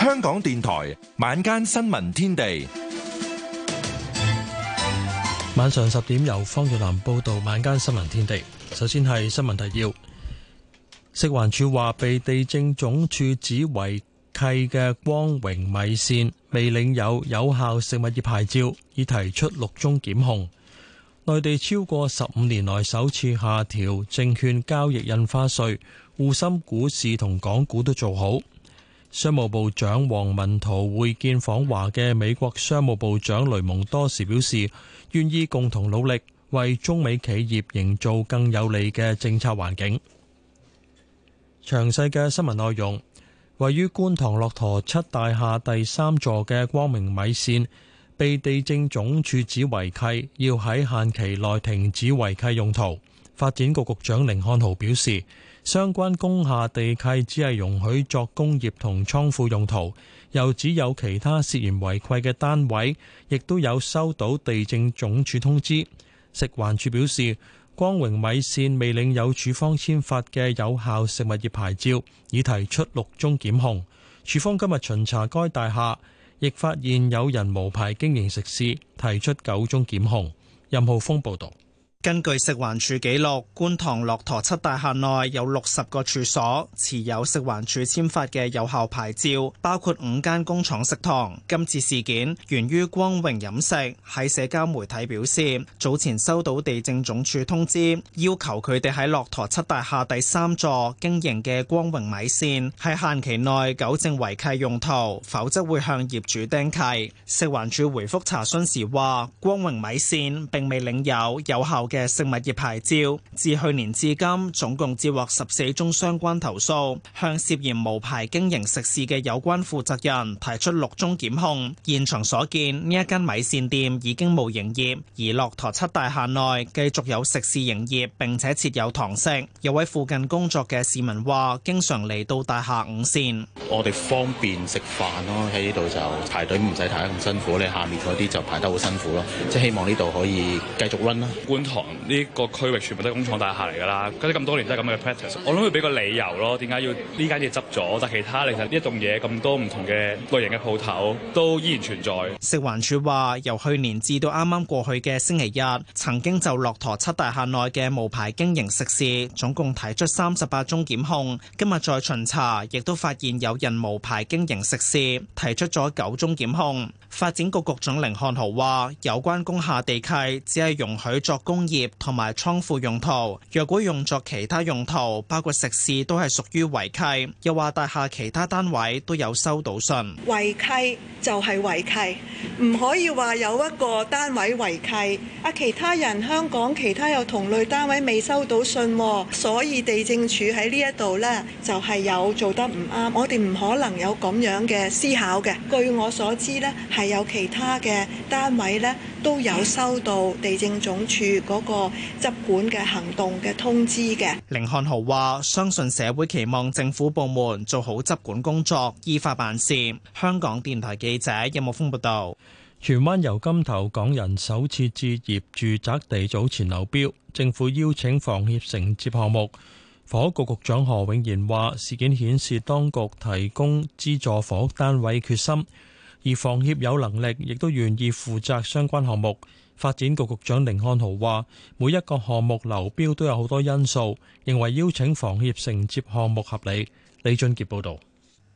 香港電台晚間新聞天地，晚上十點由方玉蘭報道晚間新聞天地。首先係新聞提要，食環署話被地政總署指為係嘅光榮米綫未領有有效食物業牌照，已提出六宗檢控。內地超過十五年來首次下調證券交易印花稅，滬深股市同港股都做好。商務部部長王文濤會見訪華嘅美國商務部長雷蒙多時表示，願意共同努力，為中美企業營造更有利嘅政策環境。詳細嘅新聞內容。位於觀塘駱駝漆大廈第三座嘅光明米線被地政總署指違契，要喺限期內停止違契用途。發展局局長甯漢豪表示，相關工廈地契只係容許作工業同倉庫用途，又只有其他涉嫌違規嘅單位亦都有收到地政總署通知。食環署表示。光榮米線未領有處方簽發嘅有效食物業牌照，已提出六宗檢控。處方今日巡查該大廈，亦發現有人無牌經營食肆，提出九宗檢控。任浩峰報道。根據食環署記錄，觀塘駱駝七大廈內有六十個處所持有食環署簽發嘅有效牌照，包括五間工廠食堂。今次事件源於光榮飲食喺社交媒體表示，早前收到地政總署通知，要求佢哋喺駱駝七大廈第三座經營嘅光榮米線喺限期內糾正違契用途，否則會向業主釘契。食環署回覆查詢時話光榮米線並未領有有效。嘅食物業牌照，自去年至今，總共接獲十四宗相關投訴，向涉嫌無牌經營食肆嘅有關負責人提出六宗檢控。現場所見，呢一間米線店已經冇營業，而駱駝漆大廈內繼續有食肆營業，並且設有堂食。有位附近工作嘅市民話，經常嚟到大廈午膳，我哋方便食飯咯，喺呢度就排隊唔使排得咁辛苦，你下面嗰啲就排得好辛苦咯，即係希望呢度可以繼續溫啦。呢個區域全部都係工廠大廈嚟㗎啦，跟住咁多年都係咁嘅 practice。我諗佢俾個理由咯，點解要呢間嘢執咗？但係其他，其實呢棟嘢咁多唔同嘅類型嘅鋪頭都依然存在。食環署話，由去年至到啱啱過去嘅星期日，曾經就駱駝漆大廈內嘅無牌經營食肆，總共提出三十八宗檢控。今日再巡查，亦都發現有人無牌經營食肆，提出咗九宗檢控。發展局局長甯漢豪話：有關工廈地契，只係容許作工業同埋倉庫用途，若果用作其他用途，包括食肆，都係屬於違契。又話大廈其他單位都有收到信，違契就係違契，唔可以話有一個單位違契，啊其他人香港其他有同類單位未收到信，所以地政署喺呢一度呢，就係有做得唔啱，我哋唔可能有咁樣嘅思考嘅。據我所知呢，係有其他嘅單位呢，都有收到地政總署嗰個執管嘅行動嘅通知嘅，甯漢豪話：相信社會期望政府部門做好執管工作，依法辦事。香港電台記者任木峰報道。荃灣油柑頭港人首次置業住宅地早前流標，政府邀請房協承接項目。房屋局局長何永賢話：事件顯示當局提供資助房屋單位決心，而房協有能力，亦都願意負責相關項目。發展局局長甯漢豪話：每一個項目流標都有好多因素，認為邀請房協承接項目合理。李俊杰報道。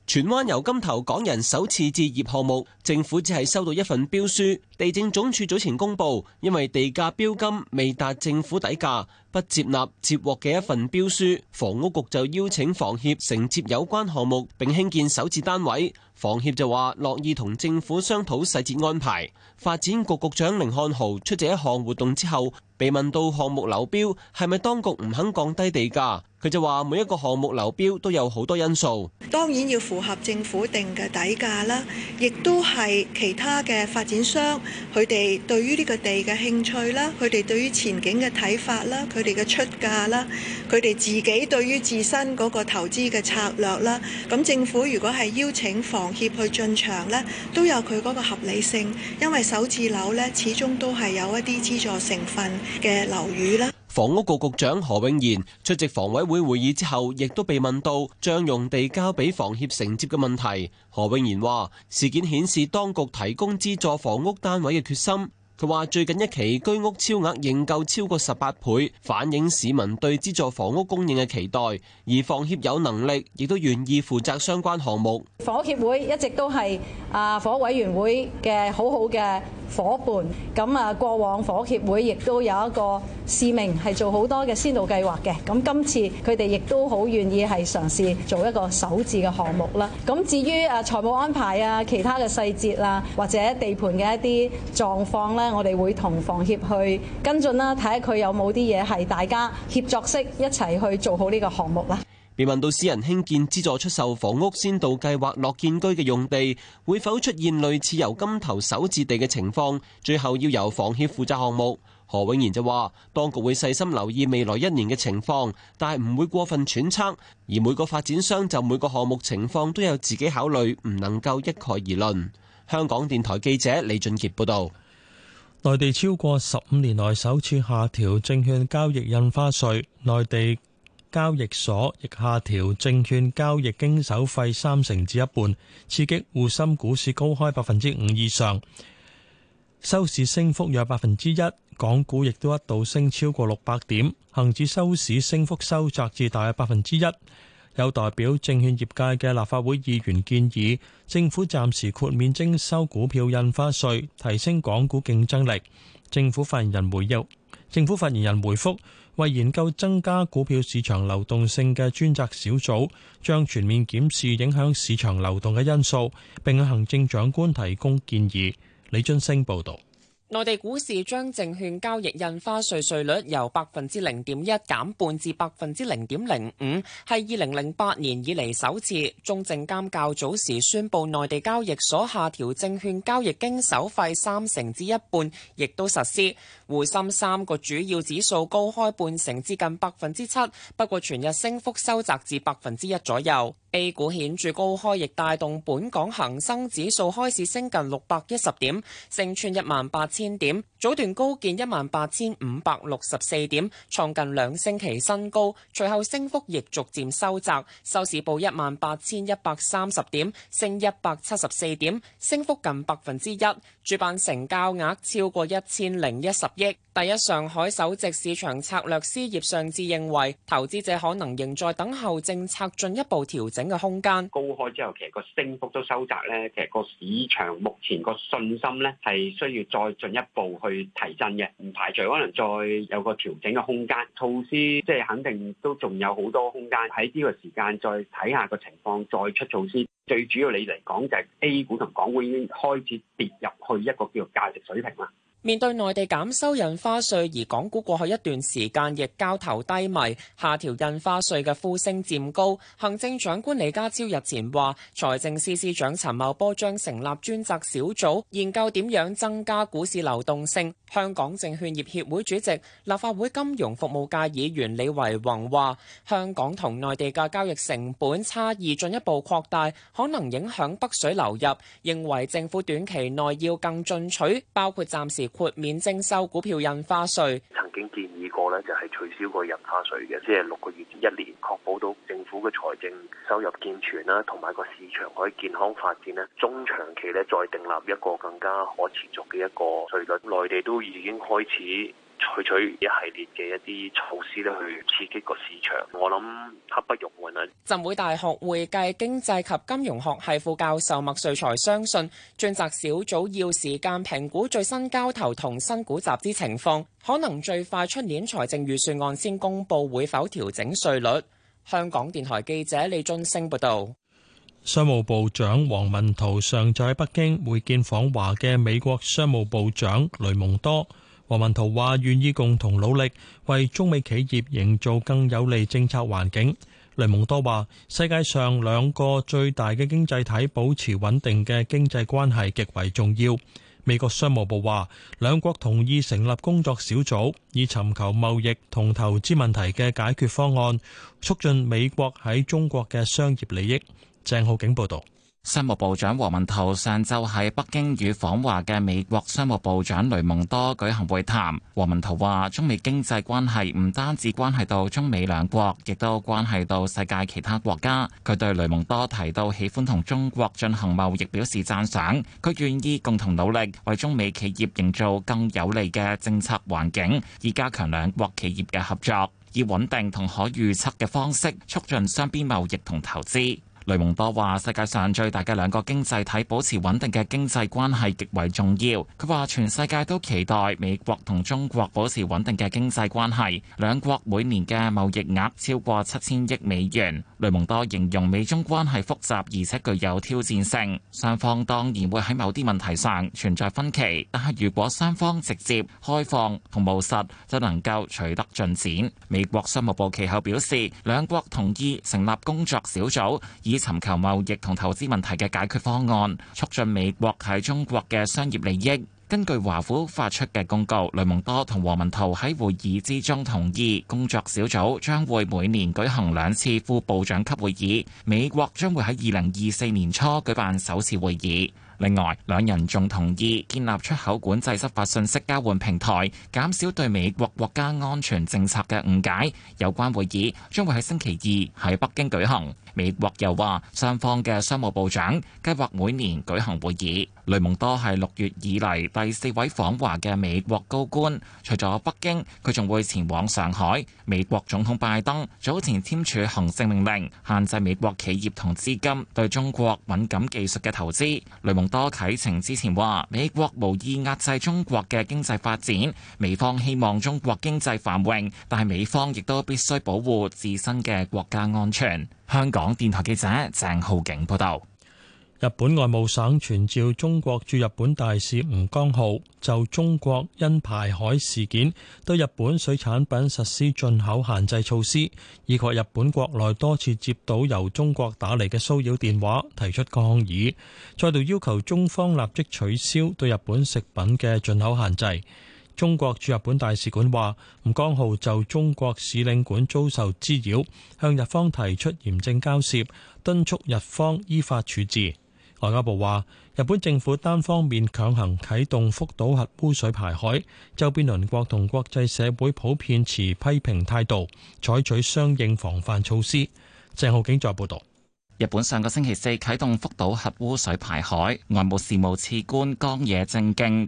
荃灣油柑頭港人首次置業項目，政府只係收到一份標書。地政總署早前公佈，因為地價標金未達政府底價，不接納接獲嘅一份標書。房屋局就邀請房協承接有關項目並興建首次單位，房協就話樂意同政府商討細節安排。發展局局長寧漢豪出席一項活動之後，被問到項目流標係咪當局唔肯降低地價？佢就話每一個項目樓標都有好多因素，當然要符合政府定嘅底價啦，亦都係其他嘅發展商佢哋對於呢個地嘅興趣啦，佢哋對於前景嘅睇法啦，佢哋嘅出價啦，佢哋自己對於自身嗰個投資嘅策略啦。咁政府如果係邀請房協去進場咧，都有佢嗰個合理性，因為首置樓咧始終都係有一啲資助成分嘅樓宇啦。房屋局局長何永賢出席房委會會議之後，亦都被問到將用地交俾房協承接嘅問題。何永賢話，事件顯示當局提供資助房屋單位嘅決心。佢話：最近一期居屋超額認購超過十八倍，反映市民對資助房屋供應嘅期待。而房協有能力，亦都願意負責相關項目。房協會一直都係啊房屋委員會嘅好好嘅夥伴。咁啊，過往房協會亦都有一個使命係做好多嘅先導計劃嘅。咁今次佢哋亦都好願意係嘗試做一個首置嘅項目啦。咁至於啊財務安排啊，其他嘅細節啊，或者地盤嘅一啲狀況咧。我哋會同房協去跟進啦，睇下佢有冇啲嘢係大家協作式一齊去做好呢個項目啦。被問到私人興建資助出售房屋先導計劃樂建居嘅用地會否出現類似由金頭首置地嘅情況，最後要由房協負責項目，何永賢就話當局會細心留意未來一年嘅情況，但係唔會過分揣測，而每個發展商就每個項目情況都有自己考慮，唔能夠一概而論。香港電台記者李俊傑報道。內地超過十五年來首次下調證券交易印花稅，內地交易所亦下調證券交易經手費三成至一半，刺激滬深股市高開百分之五以上，收市升幅約百分之一，港股亦都一度升超過六百點，恒指收市升幅收窄至大約百分之一。有代表證券業界嘅立法會議員建議政府暫時豁免徵收股票印花稅，提升港股競爭力。政府發言人回應，政府發言人回覆，為研究增加股票市場流動性嘅專責小組將全面檢視影響市場流動嘅因素並向行政長官提供建議。李津升報道。內地股市將證券交易印花稅稅率由百分之零點一減半至百分之零點零五，係二零零八年以嚟首次。中證監較早時宣佈內地交易所下調證券交易經手費三成至一半，亦都實施。滬深三個主要指數高開半成至近百分之七，不過全日升幅收窄至百分之一左右。A 股顯著高開，亦帶動本港恒生指數開始升近六百一十點，升穿一萬八千。千點，早段高見一萬八千五百六十四點，創近兩星期新高。隨後升幅亦逐漸收窄，收市報一萬八千一百三十點，升一百七十四點，升幅近百分之一。主板成交額超過一千零一十億。第一上海首席市場策略師葉尚志認為，投資者可能仍在等候政策進一步調整嘅空間。高開之後，其實個升幅都收窄咧，其實個市場目前個信心咧係需要再進。一步去提振嘅，唔排除可能再有個調整嘅空間，措施即係肯定都仲有好多空間喺呢個時間再睇下個情況再出措施。最主要你嚟講就係 A 股同港股已經開始跌入去一個叫價值水平啦。面對內地減收印花稅，而港股過去一段時間亦交投低迷，下調印花稅嘅呼聲漸高。行政長官李家超日前話，財政司司長陳茂波將成立專責小組，研究點樣增加股市流動性。香港證券業協會主席、立法會金融服務界議員李維宏話：香港同內地嘅交易成本差異進一步擴大，可能影響北水流入。認為政府短期內要更進取，包括暫時豁免徵收股票印花稅，曾經建議過咧，就係取消個印花稅嘅，即係六個月至一年，確保到政府嘅財政收入健全啦，同埋個市場可以健康發展呢，中長期咧再訂立一個更加可持續嘅一個稅率。內地都已經開始。採取一系列嘅一啲措施咧，去刺激個市場。我諗刻不容緩啊！浸會大學會計經濟及金融學系副教授麥瑞才相信，專責小組要時間評估最新交投同新股集資情況，可能最快出年財政預算案先公佈會否調整稅率。香港電台記者李俊升報道。商務部長黃文濤上晝喺北京會見訪華嘅美國商務部長雷蒙多。王文濤話願意共同努力，為中美企業營造更有利政策環境。雷蒙多話，世界上兩個最大的經濟體保持穩定的經濟關係極為重要。美國商務部話，兩國同意成立工作小組，以尋求貿易同投資問題的解決方案，促進美國在中國的商業利益。鄭浩景報道。商務部長王文濤上晝喺北京與訪華嘅美國商務部長雷蒙多舉行會談。王文濤話：中美經濟關係唔單止關係到中美兩國，亦都關係到世界其他國家。佢對雷蒙多提到喜歡同中國進行貿易表示讚賞。佢願意共同努力，為中美企業營造更有利嘅政策環境，以加強兩國企業嘅合作，以穩定同可預測嘅方式促進雙邊貿易同投資。雷蒙多話世界上最大嘅兩個經濟體保持穩定嘅經濟關係極為重要。佢話全世界都期待美國同中國保持穩定嘅經濟關係，兩國每年嘅貿易額超過七千億美元。雷蒙多形容美中關係複雜而且具有挑戰性，雙方當然會喺某啲問題上存在分歧，但係如果雙方直接開放同務實就能夠取得進展。美國商務部其後表示，兩國同意成立工作小組。以尋求貿易同投資問題嘅解決方案，促進美國喺中國嘅商業利益。根據華府發出嘅公告，雷蒙多同王文濤喺會議之中同意，工作小組將會每年舉行兩次副部長級會議。美國將會喺二零二四年初舉辦首次會議。另外，兩人仲同意建立出口管制執法信息交換平台，減少對美國國家安全政策嘅誤解。有關會議將會喺星期二喺北京舉行。美國又話雙方嘅商務部長計劃每年舉行會議。雷蒙多係六月以嚟第四位訪華嘅美國高官。除咗北京，佢仲會前往上海。美國總統拜登早前簽署行政命令，限制美國企業同資金對中國敏感技術嘅投資。雷蒙多啟程之前話美國無意壓制中國嘅經濟發展，美方希望中國經濟繁榮，但係美方亦都必須保護自身嘅國家安全。香港電台記者鄭浩景報道。日本外務省傳召中國駐日本大使吳江浩，就中國因排海事件對日本水產品實施進口限制措施，以及日本國內多次接到由中國打嚟嘅騷擾電話提出抗議，再度要求中方立即取消對日本食品嘅進口限制。中國駐日本大使館話，吳江浩就中國使領館遭受滋擾，向日方提出嚴正交涉，敦促日方依法處置。外交部話，日本政府單方面強行啟動福島核污水排海，周邊鄰國同國際社會普遍持批評態度，採取相應防範措施。鄭浩景再報道。日本上個星期四啟動福島核污水排海，外務事務次官，江野正敬，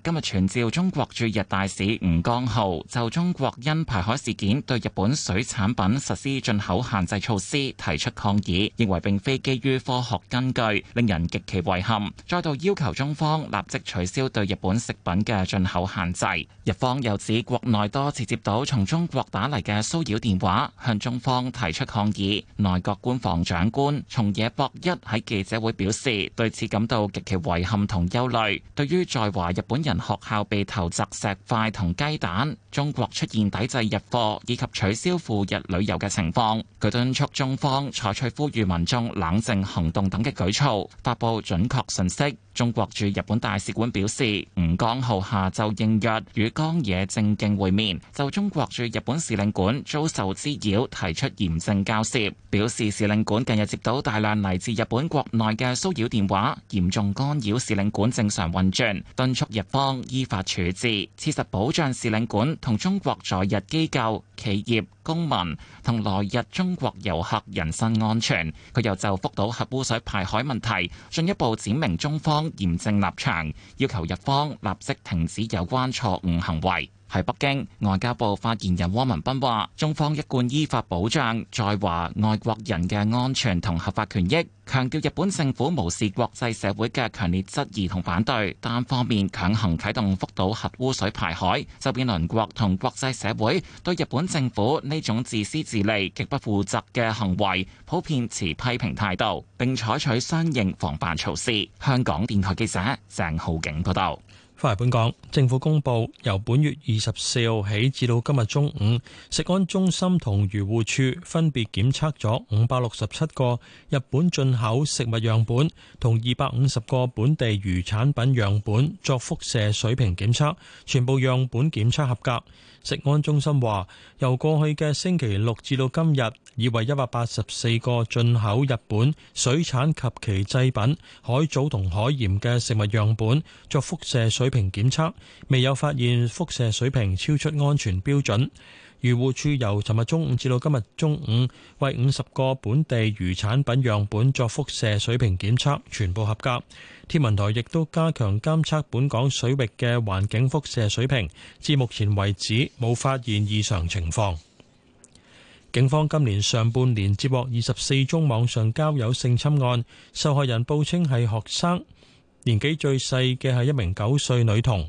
博一喺記者會表示，對此感到極其遺憾，同憂慮。對於在華日本人學校，被投擲石塊同雞蛋，中國出現抵制日貨以及取消赴日旅遊嘅情況，佢敦促中方，採取呼籲民眾冷靜行動等嘅舉措，發佈準確信息。中國駐日本大使館表示，吳江浩下晝應約與岡野正敬會面，就中國駐日本使領館遭受滋擾提出嚴正交涉，表示使領館近日接到大量 嚟自日本國內嘅騷擾電話，嚴重干擾使領館正常運轉，敦促日方依法處置，切實保障使領館同中國在日機構、企業、公民同來日中國遊客人身安全。佢又就福島核污水排海問題，進一步闡明中方嚴正立場，要求日方立即停止有關錯誤行為。喺北京，外交部發言人汪文斌話中方一貫依法保障在華外國人嘅安全同合法權益，強調日本政府無視國際社會嘅強烈質疑同反對，單方面強行啟動福島核污水排海，周邊鄰國同國際社會對日本政府呢種自私自利、極不負責嘅行為普遍持批評態度，並採取相應防範措施。香港電台記者鄭浩景報道。翻本港，政府公布由本月二十四號起至到今日中午，食安中心同漁護處分別檢測咗五百六十七個日本進口食物樣本同二百五十個本地漁產品樣本作輻射水平檢測，全部樣本檢測合格。食安中心話：由過去嘅星期六至到今日，已為一百八十四個進口日本水產及其製品、海藻同海鹽嘅食物樣本作輻射水平檢測，未有發現輻射水平超出安全標準。漁護署由尋日中午至到今日中午，為五十個本地漁產品樣本作輻射水平檢測，全部合格。天文台亦都加強監測本港水域嘅環境輻射水平，至目前為止，冇發現異常情況。警方今年上半年，接獲二十四宗網上交友性侵案，受害人報稱係學生，年紀最細嘅係一名九歲女童。Ừ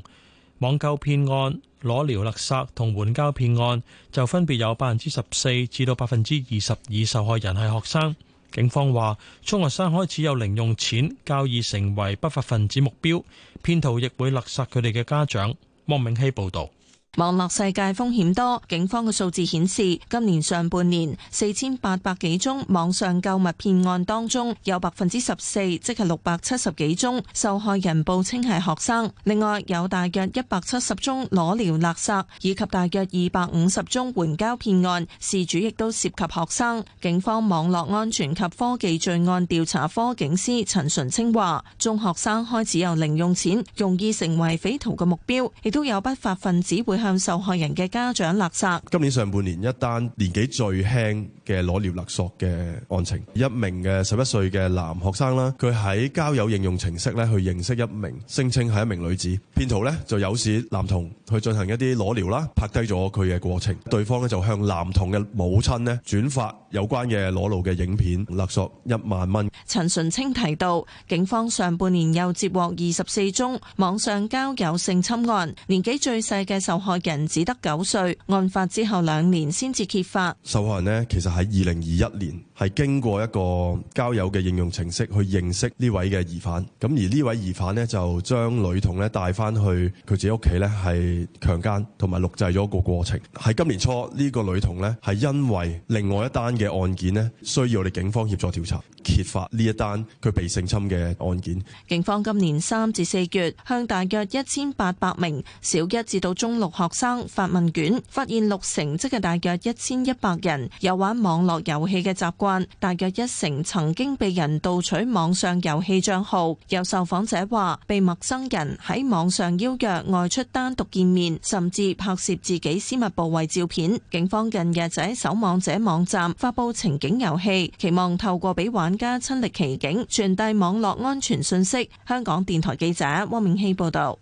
網購騙案、裸聊勒索同援交騙案就分別有百分之十四至到百分之二十二受害人係學生。警方話，中學生開始有零用錢，較易成為不法分子目標，騙徒亦會勒索佢哋嘅家長。汪明熙報道。網絡世界風險多，警方嘅數字顯示，今年上半年四千八百幾宗網上購物騙案當中，有百分之十四，即係六百七十幾宗受害人報稱係學生。另外有大約一百七十宗裸聊勒索，以及大約二百五十宗援交騙案，事主亦都涉及學生。警方網絡安全及科技罪案調查科警司陳純清話，中學生開始有零用錢，容易成為匪徒嘅目標，亦都有不法分子會向受害人嘅家長勒索。今年上半年一單年紀最輕嘅裸聊勒索嘅案情，一名嘅十一歲嘅男學生啦，佢喺交友應用程式呢去認識一名聲稱係一名女子，騙徒呢就有史男童去進行一啲裸聊啦，拍低咗佢嘅過程，對方呢就向男童嘅母親呢轉發有關嘅裸露嘅影片勒索一萬蚊。陳純清提到，警方上半年又接獲二十四宗網上交友性侵案，年紀最細嘅受害。人只得九歲，案發之後兩年先至揭發。受害人呢，其實喺二零二一年，係經過一個交友嘅應用程式去認識呢位嘅疑犯，咁而呢位疑犯呢，就將女童咧帶翻去佢自己屋企呢係強姦同埋錄製咗一個過程。喺今年初呢、呢個女童呢，係因為另外一單嘅案件呢，需要我哋警方協助調查，揭發呢一單佢被性侵嘅案件。警方今年三至四月向大約一千八百名小一至到中六學生發問卷，發現六成即係大約一千一百人有玩網絡遊戲嘅習慣。大約一成曾經被人盜取網上遊戲賬號，有受訪者話被陌生人喺網上邀約外出單獨見面，甚至拍攝自己私密部位照片。警方近日就喺守網者網站發布情景遊戲，期望透過俾玩家親歷其境，傳遞網絡安全信息。香港電台記者汪銘希報道。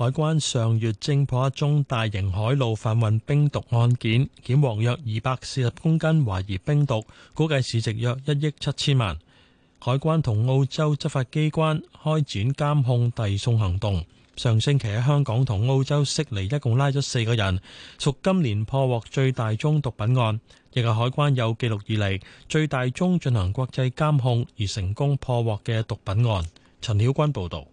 海關上月偵破一宗大型海路販運冰毒案件，檢獲約二百四十公斤懷疑冰毒，估計市值約一億七千萬。海關同澳洲執法機關開展監控遞送行動，上星期喺香港同澳洲悉尼一共拉咗四個人，屬今年破獲最大宗毒品案，亦係海關有紀錄以嚟，最大宗進行國際監控而成功破獲嘅毒品案。陳曉君報道。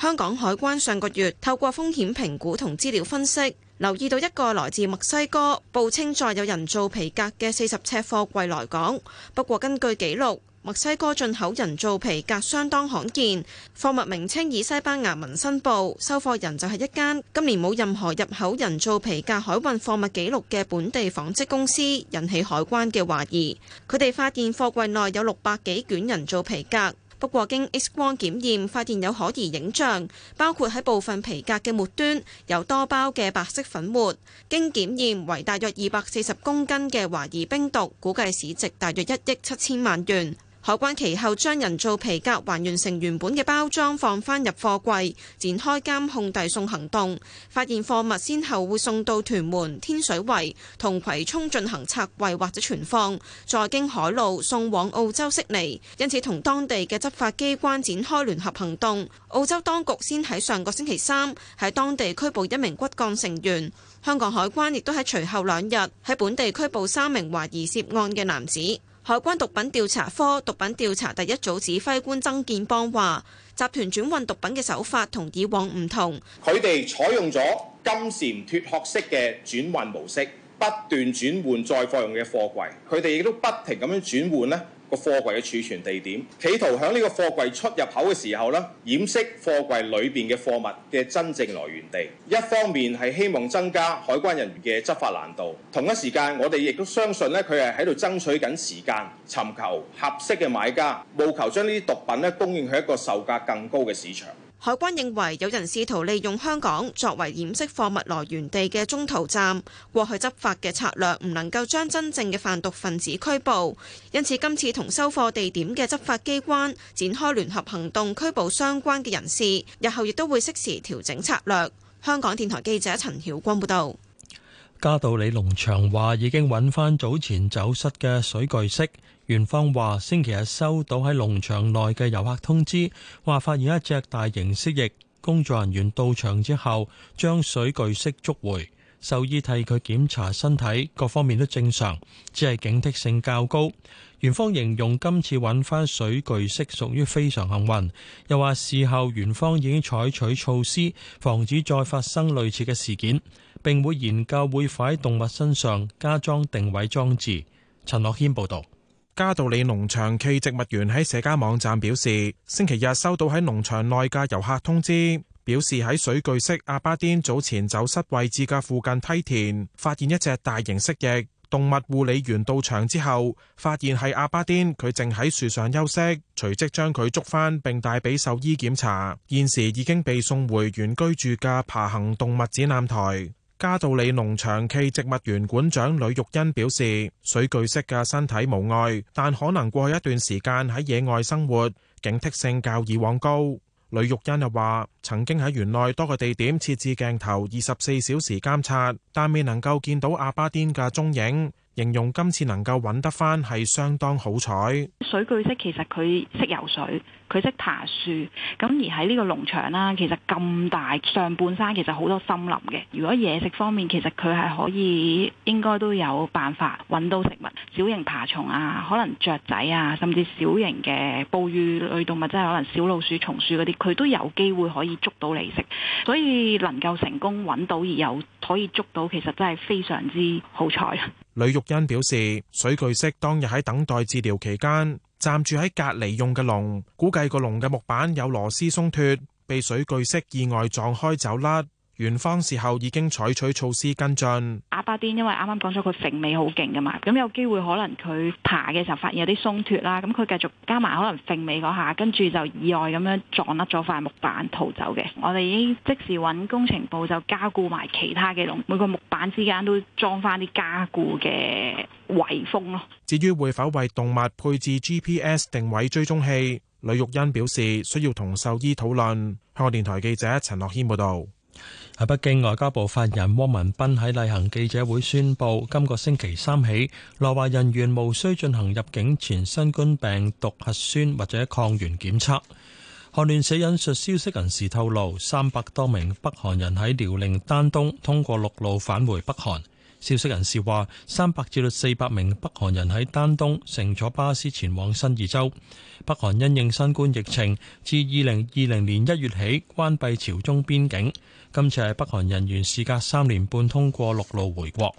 香港海關上個月透過風險評估同資料分析，留意到一個來自墨西哥報稱再有人造皮革嘅四十尺貨櫃來港。不過根據記錄，墨西哥進口人造皮革相當罕見。貨物名稱以西班牙文申報，收貨人就係一間今年冇任何入口人造皮革海運貨物記錄嘅本地紡織公司，引起海關嘅懷疑。佢哋發現貨櫃內有六百幾卷人造皮革。不過，經 X 光檢驗發現有可疑影像，包括喺部分皮革嘅末端有多包嘅白色粉末。經檢驗為大約二百四十公斤嘅懷疑冰毒，估計市值大約一億七千萬元。海關其後將人造皮革還原成原本嘅包裝，放返入貨櫃，展開監控遞送行動。發現貨物先後會送到屯門、天水圍同葵涌進行拆櫃或者存放，再經海路送往澳洲悉尼，因此同當地嘅執法機關展開聯合行動。澳洲當局先喺上個星期三喺當地拘捕一名骨幹成員，香港海關亦都喺隨後兩日喺本地拘捕三名懷疑涉案嘅男子。海關毒品調查科毒品調查第一組指揮官曾建邦話，集團轉運毒品嘅手法同以往唔同，佢哋採用咗金蟬脫殼式嘅轉運模式，不斷轉換載貨用嘅貨櫃，佢哋亦都不停咁樣轉換咧，個貨櫃嘅儲存地點，企圖喺呢個貨櫃出入口嘅時候咧，掩飾貨櫃裏邊嘅貨物嘅真正來源地。一方面係希望增加海關人員嘅執法難度。同一時間，我哋亦都相信咧，佢係喺度爭取緊時間，尋求合適嘅買家，務求將呢啲毒品咧供應去一個售價更高嘅市場。海關認為有人試圖利用香港作為掩飾貨物來源地嘅中途站，過去執法嘅策略唔能夠將真正嘅販毒分子拘捕，因此今次同收貨地點嘅執法機關展開聯合行動，拘捕相關嘅人士。日後亦都會適時調整策略。香港電台記者陳曉君報道：「嘉道理農場話已經揾翻早前走失嘅水巨蜥。園方話：星期日收到喺農場內嘅遊客通知，話發現一隻大型蜥蜴。工作人員到場之後，將水巨蜥捉回，獸醫替佢檢查身體，各方面都正常，只係警惕性較高。園方形容今次搵翻水巨蜥屬於非常幸運，又話事後園方已經採取措施，防止再發生類似嘅事件，並會研究會否喺動物身上加裝定位裝置。陳樂謙報道。嘉道理農場暨植物園喺社交網站表示，星期日收到喺農場內嘅遊客通知，表示喺水巨蜥阿巴甸早前走失位置嘅附近梯田發現一隻大型蜥蜴。動物護理員到場之後，發現係阿巴甸，佢正喺樹上休息，隨即將佢捉返並帶俾獸醫檢查，現時已經被送回原居住嘅爬行動物展覽台。加道理農場暨植物園館長呂玉欣表示，水巨蜥嘅身體無礙，但可能過去一段時間喺野外生活，警惕性較以往高。呂玉欣又話，曾經喺園內多個地點設置鏡頭，二十四小時監察，但未能夠見到阿巴甸嘅蹤影。形容今次能夠揾得返係相當好彩。水巨蜥其實佢識游水，佢識爬樹。咁而喺呢個農場啦，其實咁大上半山，其實好多森林嘅。如果嘢食方面，其實佢係可以應該都有辦法揾到食物。小型爬蟲啊，可能雀仔啊，甚至小型嘅哺乳類動物，即係可能小老鼠、松鼠嗰啲，佢都有機會可以捉到你食。所以能夠成功揾到而有可以捉到，其實真係非常之好彩。呂玉欣表示，水巨蜥當日喺等待治療期間，暫住喺隔離用嘅籠，估計個籠嘅木板有螺絲鬆脫，被水巨蜥意外撞開走甩。園方事後已經採取措施跟進阿巴癲，因為啱啱講咗佢揈尾好勁噶嘛，咁有機會可能佢爬嘅時候發現有啲鬆脫啦，咁佢繼續加埋可能揈尾嗰下，跟住就意外咁樣撞甩咗塊木板逃走嘅。我哋已經即時揾工程部就加固埋其他嘅籠，每個木板之間都裝翻啲加固嘅圍封咯。至於會否為動物配置 GPS 定位追蹤器，呂玉欣表示需要同獸醫討論。香港電台記者陳樂謙報道。喺北京外交部發言人汪文斌喺例行記者會宣布，今個星期三起，來華人員無需進行入境前新冠病毒核酸或者抗原檢測。韓聯社引述消息人士透露，三百多名北韓人喺遼寧丹，丹東通過陸路返回北韓。消息人士話，三百至到四百名北韓人喺丹東乘坐巴士前往新義州。北韓因應新冠疫情，自二零二零年一月起關閉朝中邊境。今次係北韓人員事隔三年半通過陸路回國。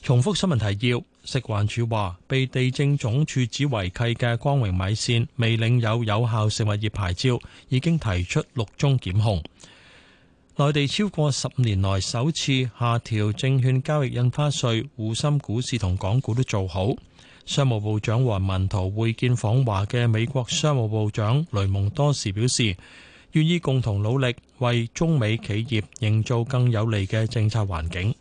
重複新聞提要，食環署話被地政總署指違契嘅光榮米線未領有有效食物業牌照，已經提出六宗檢控。內地超過十年來首次下調證券交易印花稅，滬深股市同港股都做好。商務部長王文濤會見訪華嘅美國商務部長雷蒙多時表示。願意共同努力，為中美企業營造更有利嘅政策環境。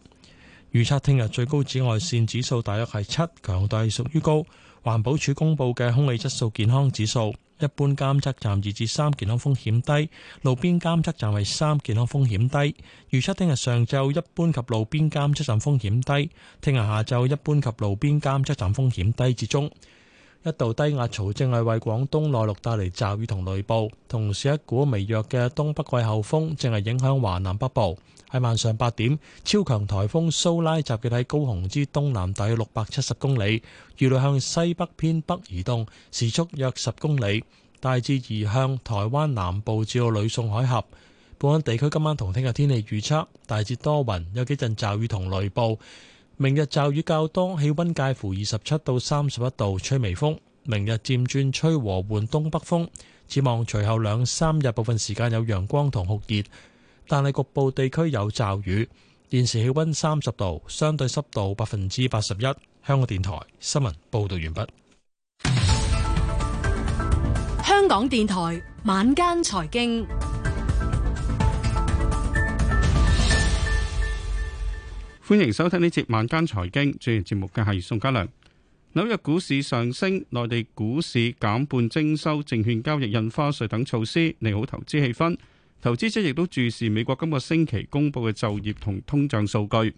預測聽日最高紫外線指數大約係七，強度係屬於高。環保署公布嘅空氣質素健康指數，一般監測站二至三，健康風險低；路邊監測站為三，健康風險低。預測聽日上晝一般及路邊監測站風險低，聽日下晝一般及路邊監測站風險低至中。一度低壓槽正係為廣東內陸帶嚟驟雨同雷暴，同時一股微弱嘅東北季候風正係影響華南北部。喺晚上八點，超強台風蘇拉集結喺高雄之東南大約六百七十公里，預料向西北偏北移動，時速約十公里，大致移向台灣南部至到呂宋海峽。本港地區今晚同聽日天氣預測，大致多雲，有幾陣驟雨同雷暴。明日驟雨較多，氣溫介乎二十七到三十一度，吹微風。明日漸轉吹和緩東北風，展望隨後兩三日部分時間有陽光同酷熱，但係局部地區有驟雨。現時氣溫三十度，相對濕度百分之八十一。香港電台新聞報道完畢。香港電台晚間財經。歡迎收聽呢節晚間財經，主持節目嘅係宋家良。紐約股市上升，內地股市減半徵收證券交易印花稅等措施利好投資氣氛，投資者亦都注視美國今個星期公布嘅就業同通脹數據。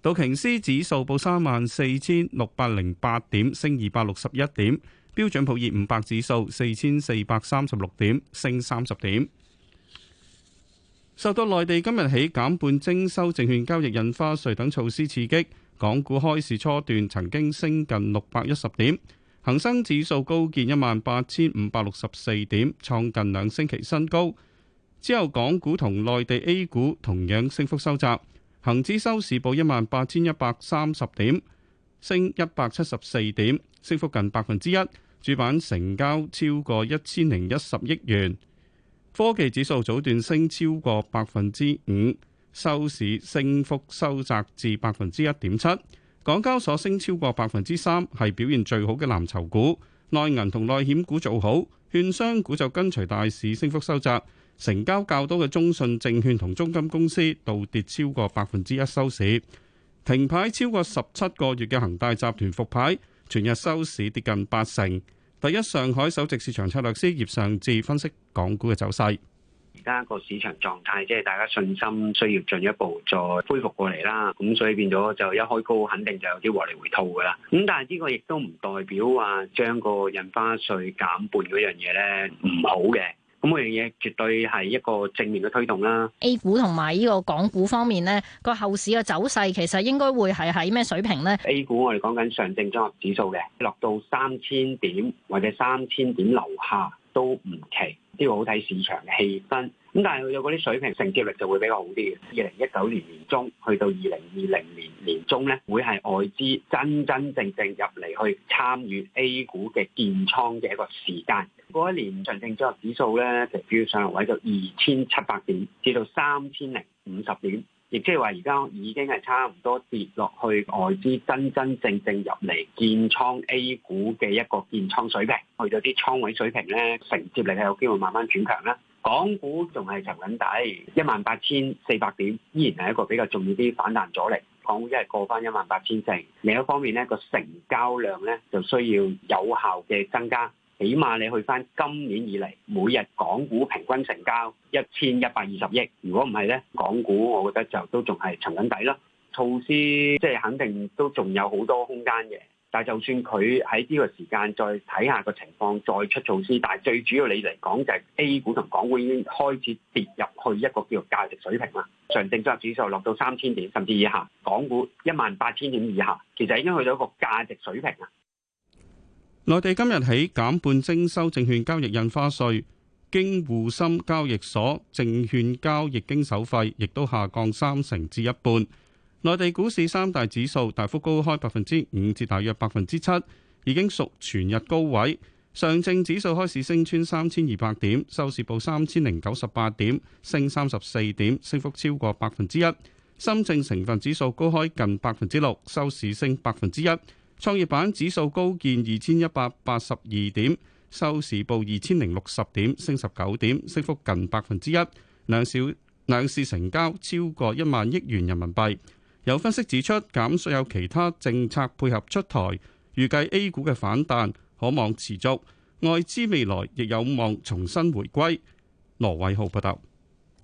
道瓊斯指數報三萬四千六百零八點，升二百六十一點；標準普爾五百指數四千四百三十六點，升三十點。受到內地今日起減半徵收證券交易印花稅等措施刺激，港股開市初段曾經升近六百一十點，恒生指數高見一萬八千五百六十四點，創近兩星期新高。之後，港股同內地 A 股同樣升幅收窄，恒指收市報一萬八千一百三十點，升一百七十四點，升幅近百分之一。主板成交超過一千零一十億元。科技指數早段升超過百分之五，收市升幅收窄至百分之一點七。港交所升超過百分之三，係表現最好嘅藍籌股。內銀同內險股做好，券商股就跟隨大市升幅收窄。成交較多嘅中信證券同中金公司倒跌超過百分之一收市。停牌超過十七個月嘅恒大集團復牌，全日收市跌近八成。第一，上海首席市場策略師葉尚志分析港股嘅走勢。而家個市場狀態即係大家信心需要進一步再恢復過嚟啦，咁所以變咗就一開高肯定就有啲獲利回吐噶啦。咁但係呢個亦都唔代表話將個印花稅減半嗰樣嘢咧唔好嘅。咁每樣嘢絕對係一個正面嘅推動啦。A 股同埋呢個港股方面咧，個後市嘅走勢其實應該會係喺咩水平咧？A 股我哋講緊上證綜合指數嘅，落到三千點或者三千點樓下都唔奇，呢個好睇市場嘅氣氛。咁但係有嗰啲水平承接力就會比較好啲。二零一九年年中去到二零二零年年中咧，會係外資真真正正入嚟去參與 A 股嘅建倉嘅一個時間。嗰一年上證綜合指數咧，其實上位到二千七百點至到三千零五十點，亦即係話而家已經係差唔多跌落去外資真真正正入嚟建倉 A 股嘅一個建倉水平，去到啲倉位水平咧，承接力係有機會慢慢轉強啦。港股仲係沉緊底，一萬八千四百點依然係一個比較重要啲反彈阻力。港股一係過返一萬八千成，另一方面咧，個成交量咧，就需要有效嘅增加，起碼你去返今年以嚟每日港股平均成交一千一百二十億。如果唔係咧，港股我覺得就都仲係沉緊底咯。措施即係肯定都仲有好多空間嘅。但係，就算佢喺呢個時間再睇下個情況，再出措施。但係最主要你嚟講就係 A 股同港股已經開始跌入去一個叫做價值水平啦。上證綜合指數落到三千點甚至以下，港股一萬八千點以下，其實已經去到一個價值水平啊。內地今日起減半徵收證券交易印花稅，京滬深交易所證券交易經手費亦都下降三成至一半。內地股市三大指數大幅高開，百分之五至大約百分之七，已經屬全日高位。上證指數開始升穿三千二百點，收市報三千零九十八點，升三十四點，升幅超過百分之一。深證成分指數高開近百分之六，收市升百分之一。創業板指數高見二千一百八十二點，收市報二千零六十點，升十九點，升幅近百分之一。兩小兩市成交超過一萬億元人民幣。有分析指出，減稅有其他政策配合出台，預計 A 股嘅反彈可望持續，外資未來亦有望重新回歸，羅偉浩報道，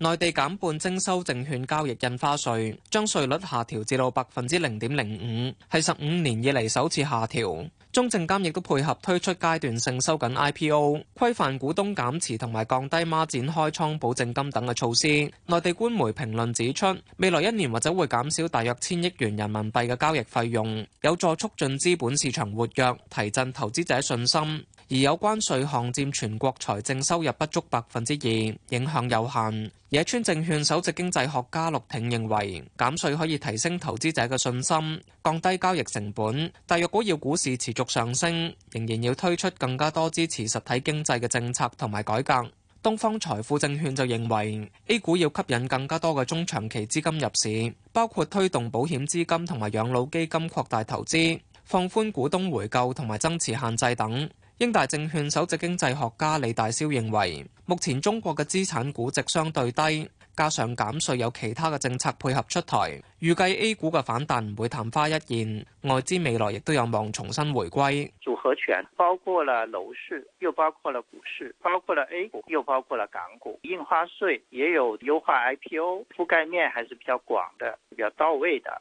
內地減半徵收證券交易印花稅，將稅率下調至到百分之零點零五，係十五年以嚟首次下調。中證監亦都配合推出階段性收緊 IPO、規範股東減持同埋降低孖展開倉保證金等嘅措施。內地官媒評論指出，未來一年或者會減少大約千億元人民幣嘅交易費用，有助促進資本市場活躍，提振投資者信心。而有關稅項佔全國財政收入不足百分之二，影響有限。野村證券首席經濟學家陸挺認為，減稅可以提升投資者嘅信心，降低交易成本。但若果要股市持續上升，仍然要推出更加多支持實體經濟嘅政策同埋改革。東方財富證券就認為，A 股要吸引更加多嘅中長期資金入市，包括推動保險資金同埋養老基金擴大投資，放寬股東回購同埋增持限制等。英大證券首席經濟學家李大霄認為，目前中國嘅資產估值相對低，加上減稅有其他嘅政策配合出台，預計 A 股嘅反彈唔會曇花一現，外資未來亦都有望重新回歸。組合拳包括了樓市，又包括了股市，包括了 A 股，又包括了港股，印花稅也有優化 IPO，覆蓋面還是比較廣的，比較到位的。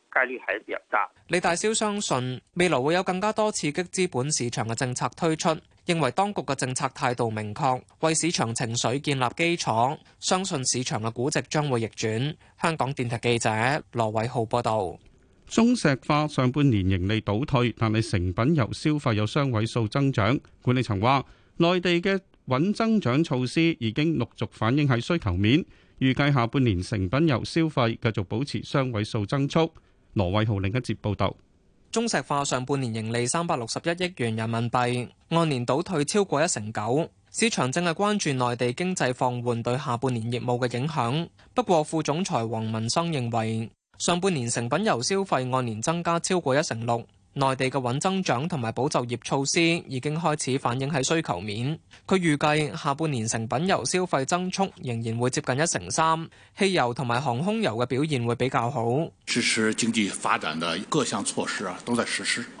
概呢係一啲油價。李大霄相信未來會有更加多刺激資本市場嘅政策推出，認為當局嘅政策態度明確，為市場情緒建立基礎，相信市場嘅估值將會逆轉。香港電台記者羅偉浩報道。中石化上半年盈利倒退，但係成品油消費有雙位數增長，管理層話，內地嘅穩增長措施已經陸續反映喺需求面，預計下半年成品油消費繼續保持雙位數增速。羅偉豪另一節報道，中石化上半年盈利三百六十一億元人民幣，按年倒退超過一成九。市場正係關注內地經濟放緩對下半年業務嘅影響。不過，副總裁黃文生認為，上半年成品油消費按年增加超過一成六。內地嘅穩增長同埋保就業措施已經開始反映喺需求面。佢預計下半年成品油消費增速仍然會接近一成三，汽油同埋航空油嘅表現會比較好。支持經濟發展嘅各項措施都在實施。都在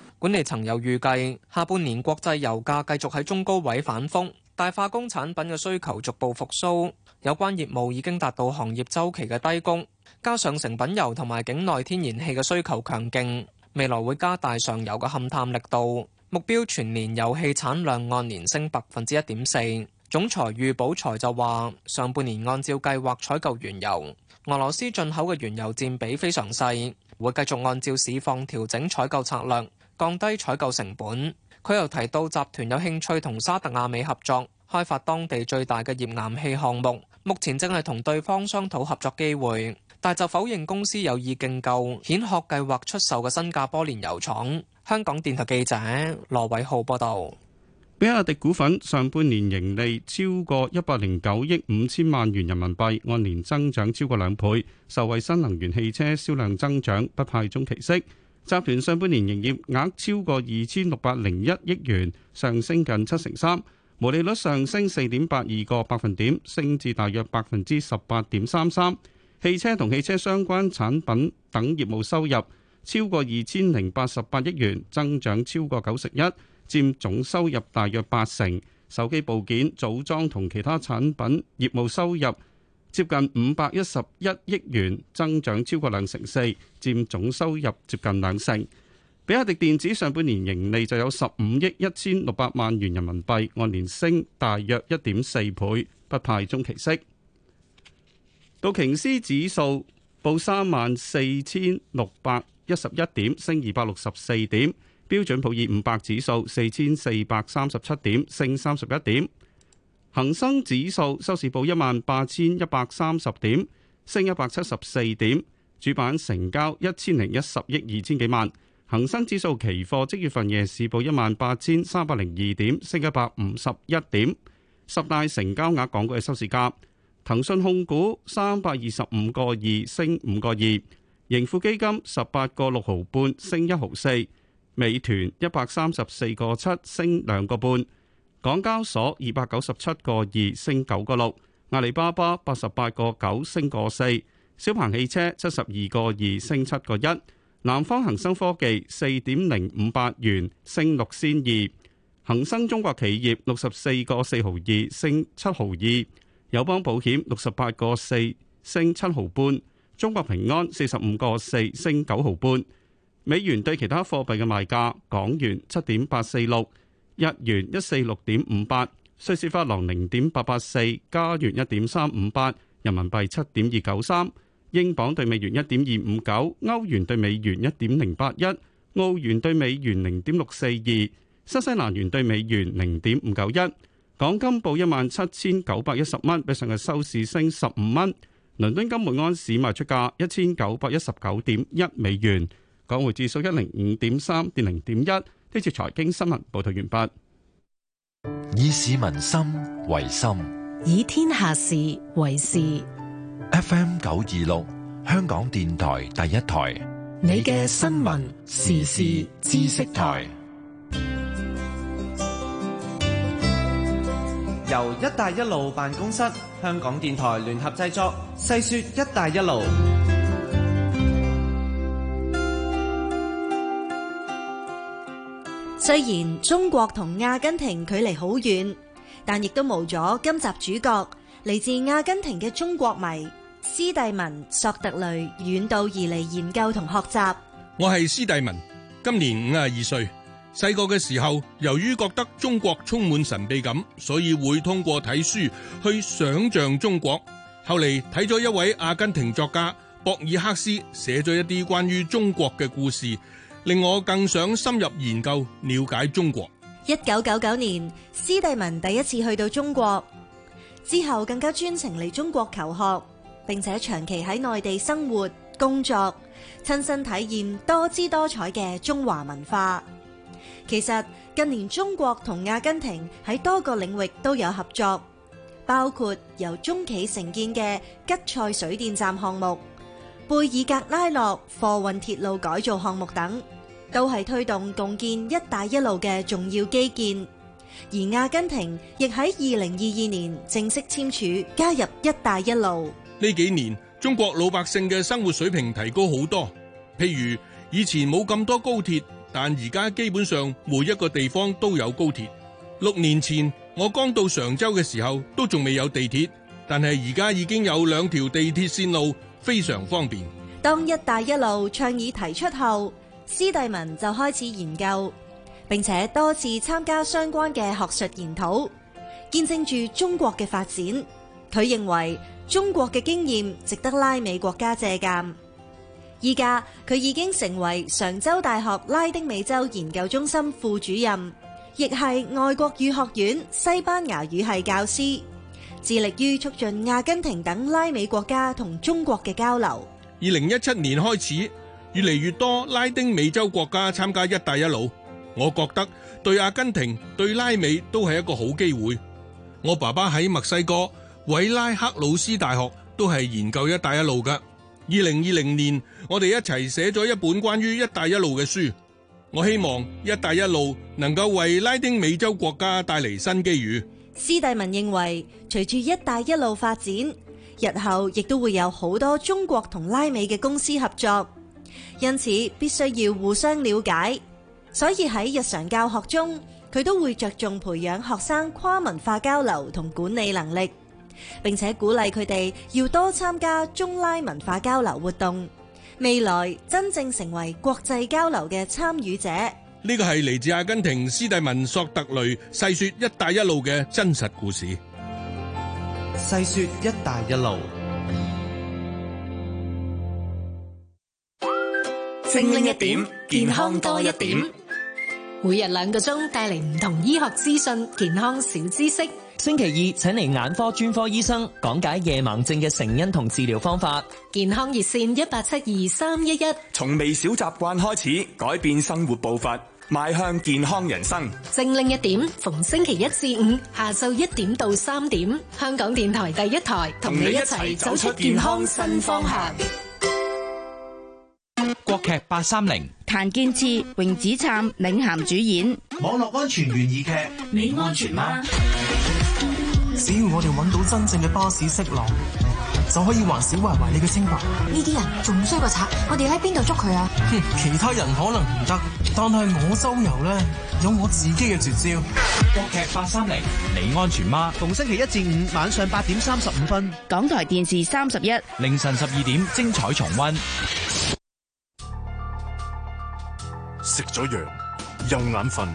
管理層又預計下半年國際油價繼續喺中高位反覆，大化工產品嘅需求逐步復蘇，有關業務已經達到行業週期嘅低谷。加上成品油同埋境內天然氣嘅需求強勁，未來會加大上游嘅勘探力度。目標全年油氣產量按年升百分之一點四。總裁預保財就話，上半年按照計劃採購原油，俄羅斯進口嘅原油佔比非常細，會繼續按照市況調整採購策略。降低採購成本。佢又提到集團有興趣同沙特阿美合作開發當地最大嘅頁岩氣項目，目前正係同對方商討合作機會。但就否認公司有意競購蜆殼計劃出售嘅新加坡煉油廠。香港電台記者羅偉浩報道。比亞迪股份上半年盈利超過一百零九億五千萬元人民幣，按年增長超過兩倍，受惠新能源汽車銷量增長，不派中期息。集團上半年營業額超過二千六百零一億元，上升近七成三，毛利率上升四點八二個百分點，升至大約百分之十八點三三。汽車同汽車相關產品等業務收入超過二千零八十八億元，增長超過九成一，佔總收入大約八成。手機部件組裝同其他產品業務收入，接近五百一十一億元，增長超過兩成四，佔總收入接近兩成。比亞迪電子上半年盈利就有十五億一千六百萬元人民幣，按年升大約一點四倍，不派中期息。道瓊斯指數報三萬四千六百一十一點，升二百六十四點；標準普爾五百指數四千四百三十七點，升三十一點。恒生指數收市報一萬八千一百三十點，升一百七十四點。主板成交一千零一十億二千幾萬。恒生指數期貨即月份夜市報一萬八千三百零二點，升一百五十一點。十大成交額港股嘅收市價：騰訊控股三百二十五個二，升五個二；盈富基金十八個六毫半，升一毫四；美團一百三十四個七，升兩個半。港交所二百九十七個二升九個六，阿里巴巴八十八個九升個四，小鵬汽車七十二個二升七個一，南方恒生科技四點零五八元升六仙二，恒生中國企業六十四個四毫二升七毫二，友邦保險六十八個四升七毫半，中國平安四十五個四升九毫半，美元對其他貨幣嘅賣價，港元七點八四六。日元一四六點五八，瑞士法郎零點八八四，加元一點三五八，人民幣七點二九三，英鎊兌美元一點二五九，歐元兌美元一點零八一，澳元兌美元零點六四二，新西蘭元兌美元零點五九一。港金報一萬七千九百一十蚊，比上日收市升十五蚊。倫敦金每安士賣出價一千九百一十九點一美元。港匯指數一零五點三，跌零點一。呢次財經新聞報道完畢，以市民心為心，以天下事為事。FM 九二六，香港電台第一台，你嘅新聞時事知識台，由“一帶一路”辦公室、香港電台聯合製作，細說“一帶一路”。雖然中國同阿根廷距離好遠，但亦都冇咗今集主角嚟自阿根廷嘅中國迷斯蒂文索特雷遠道而嚟研究同學習。我係斯蒂文，今年五十二歲。細個嘅時候，由於覺得中國充滿神秘感，所以會通過睇書去想象中國。後嚟睇咗一位阿根廷作家博爾赫斯寫咗一啲關於中國嘅故事。令我更想深入研究了解中國。一九九九年，斯蒂文第一次去到中國，之後更加專程嚟中國求學，並且長期喺內地生活工作，親身體驗多姿多彩嘅中華文化。其實近年中國同阿根廷喺多個領域都有合作，包括由中企承建嘅基塞水電站項目。貝爾格拉諾貨運鐵路改造項目等，都係推動共建“一帶一路”嘅重要基建。而阿根廷亦喺二零二二年正式簽署加入“一帶一路”。呢幾年，中國老百姓嘅生活水平提高好多。譬如以前冇咁多高鐵，但而家基本上每一個地方都有高鐵。六年前我剛到常州嘅時候，都仲未有地鐵，但係而家已經有兩條地鐵線路。非常方便。當「一帶一路」倡議提出後，斯蒂文就開始研究，並且多次參加相關嘅學術研討，見證住中國嘅發展。佢認為中國嘅經驗值得拉美國家借鑑。依家佢已經成為常州大學拉丁美洲研究中心副主任，亦係外國語學院西班牙語系教師。致力於促進阿根廷等拉美國家同中國嘅交流。二零一七年開始，越嚟越多拉丁美洲國家參加一帶一路。我覺得對阿根廷、對拉美都係一個好機會。我爸爸喺墨西哥韋拉克魯斯大學都係研究一帶一路㗎。二零二零年，我哋一齊寫咗一本關於一帶一路嘅書。我希望一帶一路能夠為拉丁美洲國家帶嚟新機遇。斯蒂文認為，隨住一帶一路發展，日後亦都會有好多中國同拉美嘅公司合作，因此必須要互相了解。所以喺日常教學中，佢都會着重培養學生跨文化交流同管理能力，並且鼓勵佢哋要多參加中拉文化交流活動，未來真正成為國際交流嘅參與者。呢個係嚟自阿根廷斯蒂文索特雷細說一帶一路嘅真實故事。細說一帶一路，精靈一,一,一點，健康多一點。每日兩個鐘帶嚟唔同醫學資訊、健康小知識。星期二請嚟眼科專科醫生講解夜盲症嘅成因同治療方法。健康熱線一八七二三一一。2, 從微小習慣開始改變生活步伐。邁向健康人生，精靈一點，逢星期一至五下晝一點到三點，香港電台第一台同你一齊走出健康新方向。國劇八三零，譚健智、榮子燦領銜主演。網絡安全懸疑劇，你安全嗎？只要我哋揾到真正嘅巴士色狼，就可以還小壞壞你嘅清白。呢啲人仲衰過賊，我哋喺邊度捉佢啊？哼，其他人可能唔得，但係我周游咧有我自己嘅絕招。國劇八三零，你安全嗎？逢星期一至五晚上八點三十五分，港台電視三十一，凌晨十二點精彩重温。食咗羊又眼瞓。